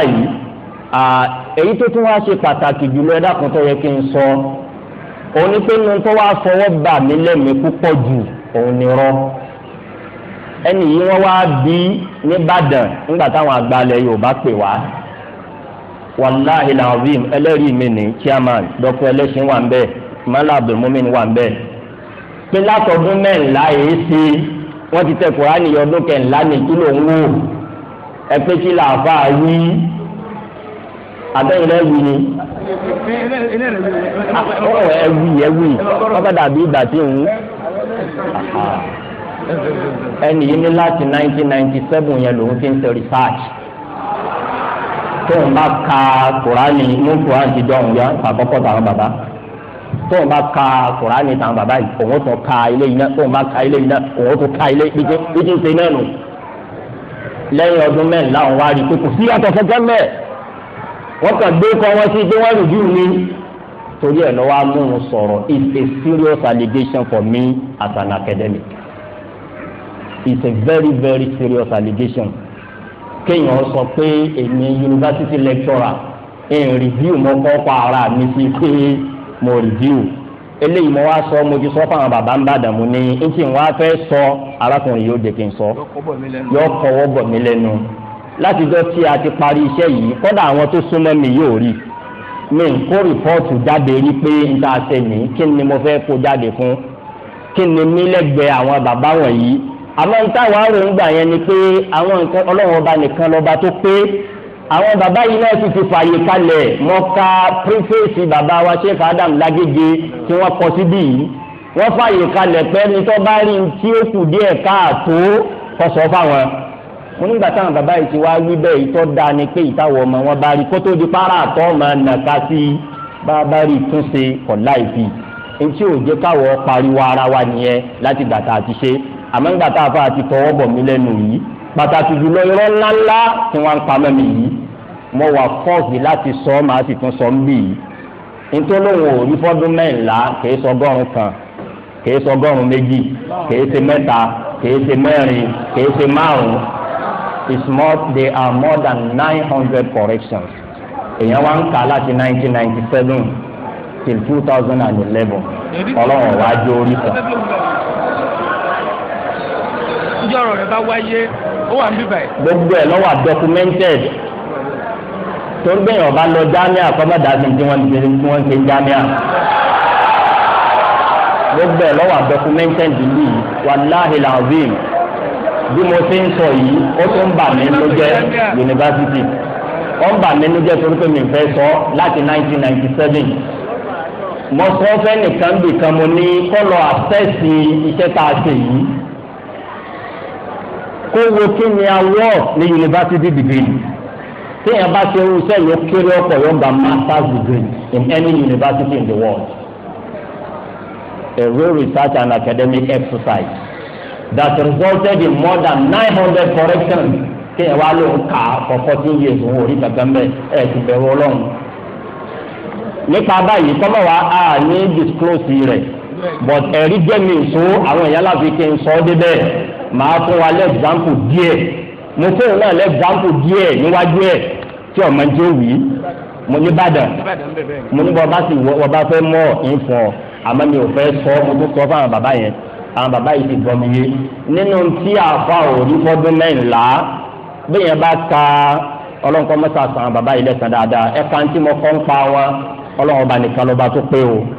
báyìí èyí tó tún wáá ṣe pàtàkì jùlọ ẹ dákun tó yẹ kí n sọ òun ni pé ohun tó wáá fọwọ́ bà mí lẹ́mìí púpọ̀ jù òun ni rọ ẹnì yìí wọ́n wáá bí nìbàdàn nígbà táwọn àgbàlẹ̀ Yorùbá pè wá wàláhi lahazim ẹlẹ́rìí mi ní chairman Dr. Ẹlẹ́sìn wà ń bẹ̀ mọ́lá Abdulmumin wà ń bẹ̀ pé látọdún mẹ́rìnlá èé ṣe wọ́n ti tẹ Kùránì ọdún kẹ́ńlá ní kí ló wò ẹ̀pẹ́ kí làáfà wí àtẹ̀yìn lẹ́wì ni. ọ̀rọ̀ ẹ̀wì ẹ̀wì ọ̀gá dàbí ìgbà tí ń ẹnì yìí ní láti 1997 yẹn lòun fi ń ṣe research tóun bá ka kùránì mú kùránì ti dọ̀hún yá àkọ́kọ́ tàwọn bàbá tóun bá ka kùránì tàwọn bàbá yìí òun tún ka ilé yìí náà tóun bá ka ilé yìí náà òun tún ka ilé yìí bí ti ṣe náà nù lẹ́yìn ọdún mẹ́rin láwọn wá rí i pé kò sí yàtọ̀ kẹ́kẹ́ mẹ́ẹ̀ wọ́n kàn gbé kọ́ wọn sí pé wọ́n rí jù mí torí ẹ̀ lọ́wọ́ amóhun sọ̀rọ̀ it's a serious allegation for me as an academic it's a very very serious allegation kéèyàn sọ pé èmi university lecturer ẹ̀ review mọ́kọ́ pa ara mi sí pé mo review eléyìí mo wá sọ mo ti sọ fáwọn bàbá ń bàdàn mu ní n sì wá fẹ́ sọ arákùnrin yóò dé kí n sọ yóò kọ́wọ́ bọ̀ mí lẹ́nu láti jọ tí a ti parí iṣẹ́ yìí kọ́dà àwọn tó súnmọ́ mi yóò rí mi n kó rìpọ́ọ̀tù jáde rí pé n ta ṣe ní kí ni mo fẹ́ kó jáde fún kí ni mí lẹ́gbẹ̀ẹ́ àwọn bàbá wọ̀nyí àmọ́ n táwọn àròǹgbà yẹn ni pé àwọn nǹkan ọlọ́run ọba nìkan lọ́ba tó pé àwọn baba yìí náà sì ti fààyè kalẹ̀ mọ́ ka pírífèsì bàbá wa sheikh adam lágége tí wọ́n kọ síbí yìí wọ́n fààyè kalẹ̀ pé ní tó bá rí tí ó kù díẹ̀ káàtó kọsọ̀ fáwọn. mo nígbà táwọn bàbá yìí ti wá wí bẹ́ẹ̀ ìtọ́ da ni pé ìtawọ̀ ọmọ wọn bá rí kó tó di para àtọ́ máa nàka sí bàbá rí túnṣe kọ̀ láìpì etí ò jẹ́ káwọ́ pariwo ara wa nìyẹn láti gbà tá ṣe àmọ́ ńgbà tá a fà tọwọ́ bọ̀ mí lẹ́nu yìí pàtàkì jùlọ irọ́ ńláńlá tí wọ́n ń pamọ́ mi yìí mo wà fọ́ọ̀sì láti sọ ọ́ màá sì tún sọ ń bì yìí ntọ́lọ́wọ̀n ò rí fọ́dún mẹ́rìnlá kìí sọ ọgọ́rùn kan kìí sọ méjì kìí ṣe mẹ́ta kìí ṣe mẹ́rin kìí ṣe márùn is more they are more than nine hundred corrections èèyàn wá ń kà láti nineteen ninety seven till two thousand and eleven ọlọ́run wàá jó orí kan. ìjọ ọ̀rọ̀ rẹ̀ bá wáyé ó wà ń gbogbo ẹ̀ ló documented torí bẹ́ẹ̀ yẹn ọba lọ jámíà kọ́mọ̀dá sí tí wọ́n ti tí wọ́n ti jámíà. gbogbo ẹ̀ lọ́wọ́ documented yìí wàláhì làbíìn bí mo ti ń sọ yìí ó tún bà mí ló jẹ́ yunifásitì ó ń bà mí ló jẹ́ torí mi fẹ́ sọ láti 1997 mo sọ fẹ́ nìkan bìkan mo ní kọ́ lọ àfẹ́sì tá a ṣe yìí kó wo kí ni awọ́ ní yunifásitì dìbìrì téèyàn bá ṣe irú sẹ́ẹ̀lì ó kéré ọ̀pọ̀ yóò gba master's degree in any university in the world a real research and academic exercise that resulted in more than nine hundred corrections téèyàn wá lóun kà á for fourteen years owó orí kankan bẹ́ẹ̀ ẹ̀ ti bẹ̀rù ọlọ́run nípa báyìí kọ́mọ̀ wá a ní disclose rẹ̀ but ẹ̀rí jẹ́mi ìṣó àwọn ìyá láfi kí n sọ ọ́ débẹ̀ màá fún wa lẹ́ example díẹ̀ mo fún un náà lẹ́ example díẹ̀ níwájú ẹ̀ tí ọmọ jẹ́ wì í mo ní Ìbàdàn mo ní bọ́ọ̀ bá sì wọ́ọ̀ bá fẹ́ mọ́ ọ̀hún fún ọ àmọ́ mi ò fẹ́ sọ mo tó sọ fún àwọn bàbá yẹn àwọn bàbá yìí ti gbọmi yé nínú tí àfa òrí fọdún mẹ́rìnlá bẹ́ẹ̀ yẹn bá ka ọlọ́nkọ́ mẹ́ta sàn àwọn bàbá yìí lẹ́sàn dáadáa ẹ̀ka ntí mo kọ́ ń pa wọn ọlọ́run ọba nìkan lọ́ba tó pé o.